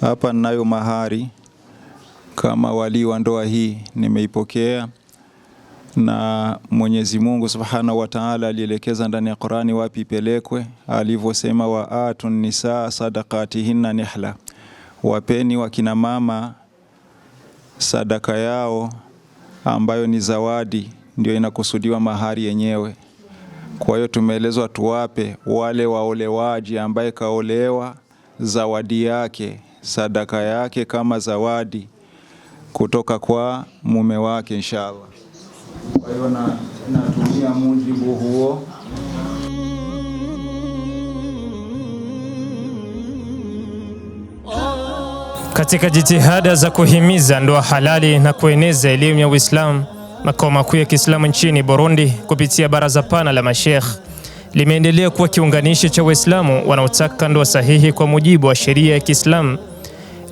Hapa ninayo mahari kama wali wa ndoa hii nimeipokea, na Mwenyezi Mungu Subhanahu wa Ta'ala alielekeza ndani ya Qur'ani wapi ipelekwe, alivyosema wa atun nisaa sadaqatihinna nihla, wapeni wakina mama sadaka yao ambayo ni zawadi, ndio inakusudiwa mahari yenyewe. Kwa hiyo tumeelezwa tuwape wale waolewaji, ambaye kaolewa zawadi yake sadaka yake kama zawadi kutoka kwa mume wake inshallah. Kwa hiyo na natumia mujibu huo. Katika jitihada za kuhimiza ndoa halali na kueneza elimu ya Uislamu, makao makuu ya Kiislamu nchini Burundi kupitia baraza pana la mashekh limeendelea kuwa kiunganishi cha Waislamu wanaotaka ndoa sahihi kwa mujibu wa sheria ya Kiislamu.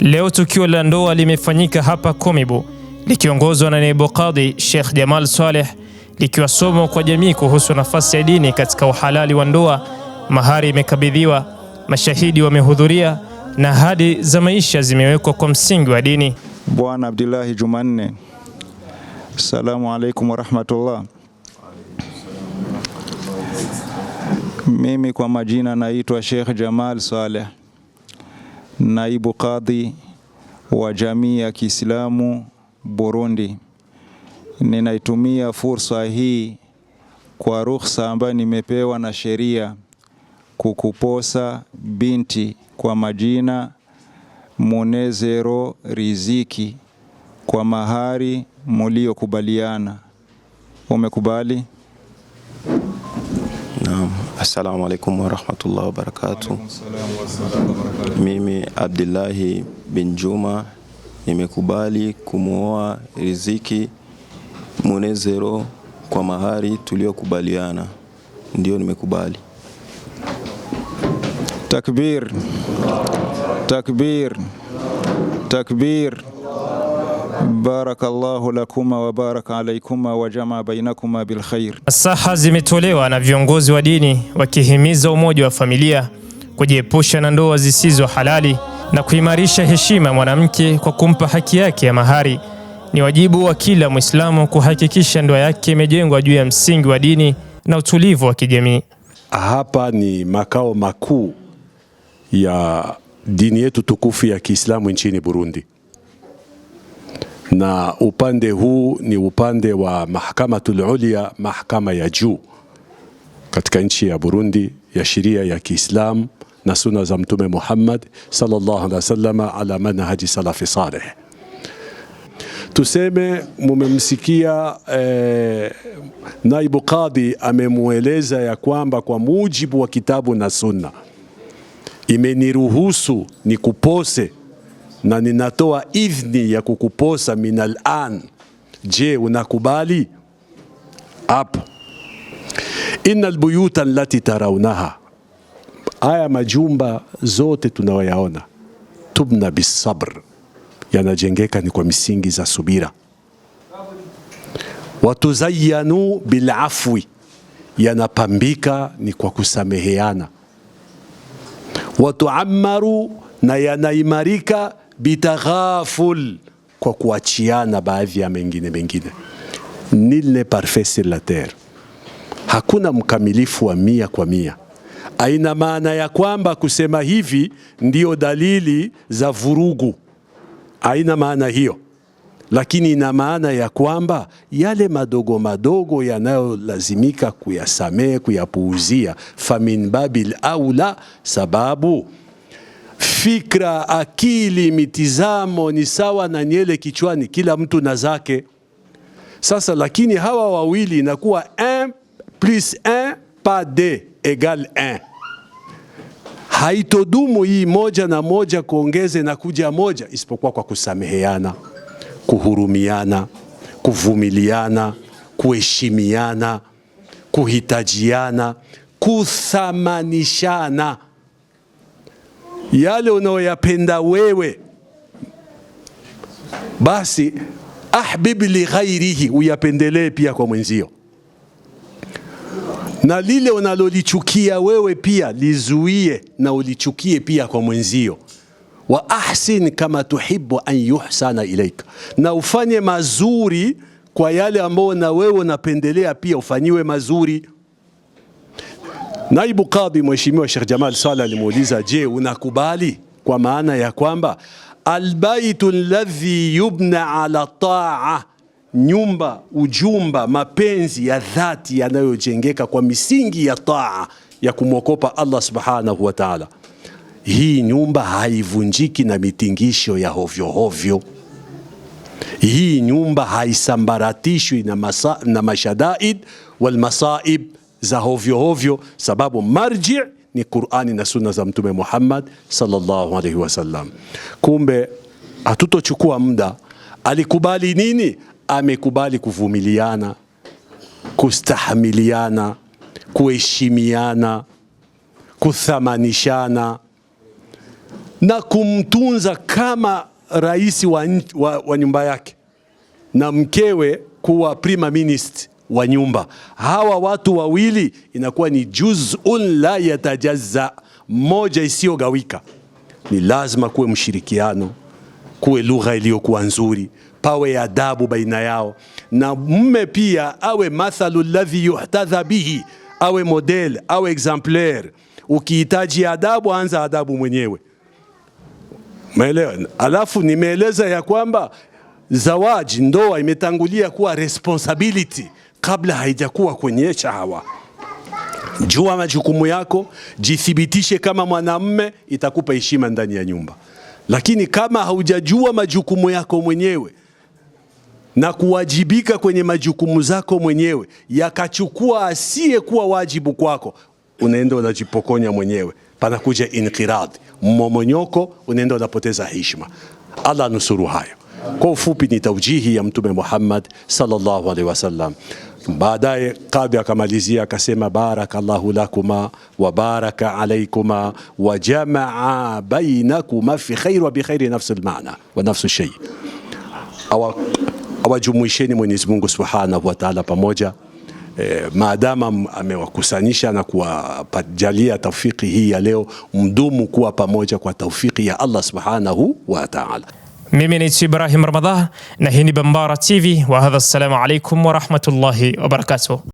Leo tukio la ndoa limefanyika hapa Komibu likiongozwa na naibu kadhi Sheikh Jamal Saleh, likiwa somo kwa jamii kuhusu nafasi ya dini katika uhalali wa ndoa. Mahari imekabidhiwa, mashahidi wamehudhuria na ahadi za maisha zimewekwa kwa msingi wa dini. Bwana Abdullahi Jumanne, assalamu alaikum warahmatullah. Mimi kwa majina naitwa Sheikh Jamal Saleh naibu kadhi wa jamii ya Kiislamu Burundi. Ninaitumia fursa hii kwa ruhusa ambayo nimepewa na sheria kukuposa binti kwa majina Munezero Riziki kwa mahari muliokubaliana. Umekubali? Assalamu alaikum warahmatullahi wabarakatuh. Mimi Abdillahi bin Juma nimekubali kumwoa Riziki Munezero kwa mahari tuliyokubaliana, ndio nimekubali. Takbir, takbir, takbir. Barakallahu lakuma wa baraka alaykuma wa jamaa bainakuma bil Nasaha zimetolewa na viongozi wa dini wakihimiza umoja wa familia, kujiepusha na ndoa zisizo halali na kuimarisha heshima ya mwanamke kwa kumpa haki yake ya mahari. Ni wajibu wa kila Mwislamu kuhakikisha ndoa yake imejengwa juu ya msingi wa dini na utulivu wa kijamii. Hapa ni makao makuu ya dini yetu tukufu ya Kiislamu nchini Burundi na upande huu ni upande wa mahakamatul ulia, mahakama ya juu katika nchi ya Burundi ya sheria ya Kiislamu na suna za Mtume Muhammad sallallahu alaihi wasallam ala manhaji salafi saleh. Tuseme mumemsikia eh, naibu kadhi amemweleza ya kwamba kwa mujibu wa kitabu na sunna imeniruhusu nikupose na ninatoa idhni ya kukuposa minal an. Je, unakubali? Hapo ina lbuyuta allati tarawnaha, haya majumba zote tunayoyaona, tubna bisabr, yanajengeka ni kwa misingi za subira. Watuzayanu bilafwi, yanapambika ni kwa kusameheana. Watuammaru, na yanaimarika bitaghaful, kwa kuachiana baadhi ya mengine mengine. Nil n'est parfait sur la terre, hakuna mkamilifu wa mia kwa mia. Aina maana ya kwamba kusema hivi ndio dalili za vurugu, aina maana hiyo lakini ina maana ya kwamba yale madogo madogo yanayolazimika kuyasamehe, kuyapuuzia, famin babil aula, sababu fikra, akili, mitizamo ni sawa na nyele kichwani, kila mtu na zake. Sasa lakini hawa wawili inakuwa 1 plus 1 2 egal 1. Haitodumu hii moja na moja kuongeze na kuja moja, isipokuwa kwa kusameheana, kuhurumiana, kuvumiliana, kuheshimiana, kuhitajiana, kuthamanishana yale unaoyapenda wewe, basi ahbib li ghairihi, uyapendelee pia kwa mwenzio, na lile unalolichukia wewe pia lizuie na ulichukie pia kwa mwenzio. Wa ahsin kama tuhibu an yuhsana ilaika, na ufanye mazuri kwa yale ambao na wewe unapendelea pia ufanyiwe mazuri. Naibu kadhi Mheshimiwa Sheikh Jamal Sala alimuuliza, je, unakubali kwa maana ya kwamba albaitu alladhi yubna ala taa, nyumba ujumba mapenzi ya dhati yanayojengeka kwa misingi ya taa ya kumwokopa Allah subhanahu wa ta'ala, hii nyumba haivunjiki na mitingisho ya hovyo hovyo. Hii nyumba haisambaratishwi na, masa, na mashadaid wal masaib za hovyo hovyo, sababu marji ni Qur'ani na sunna za Mtume Muhammad sallallahu alaihi wasallam. Kumbe hatutochukua muda. Alikubali nini? Amekubali kuvumiliana, kustahamiliana, kuheshimiana, kuthamanishana na kumtunza kama rais wa, wa, wa nyumba yake na mkewe kuwa prime minister wa nyumba. Hawa watu wawili inakuwa ni juzun la yatajazza, moja isiyogawika. Ni lazima kuwe mshirikiano, kuwe lugha iliyokuwa nzuri, pawe adabu baina yao, na mume pia awe mathalu ladhi yuhtadha bihi, awe model, awe exemplaire. Ukihitaji adabu, anza adabu mwenyewe. Maelewa. Alafu nimeeleza ya kwamba zawaji, ndoa imetangulia kuwa responsibility kabla haijakuwa kwenye shahawa. Jua majukumu yako, jithibitishe kama mwanamme, itakupa heshima ndani ya nyumba. Lakini kama haujajua majukumu yako mwenyewe na kuwajibika kwenye majukumu zako mwenyewe, yakachukua asiyekuwa wajibu kwako, unaenda unajipokonya mwenyewe, panakuja inqiradi mmomonyoko, unaenda unapoteza heshima. Allah nusuru hayo. Kwa ufupi ni taujihi ya Mtume Muhammad sallallahu alaihi wasallam. Baadaye kadhi akamalizia akasema, barakallahu lakuma wa baraka alaykuma wa jamaa bainakuma fi khair wa bi khair, nafsi almaana wa nafsi shay. Awajumuisheni Mwenyezi Mungu Subhanahu wa Ta'ala pamoja E, maadama amewakusanyisha na kuwapajalia taufiki hii ya leo, mdumu kuwa pamoja kwa taufiki ya Allah Subhanahu wa Ta'ala. Mimi naitwa Ibrahim Ramadhan na hii ni Bambara TV, wa hadha, assalamu alaikum warahmatullahi wabarakatuh.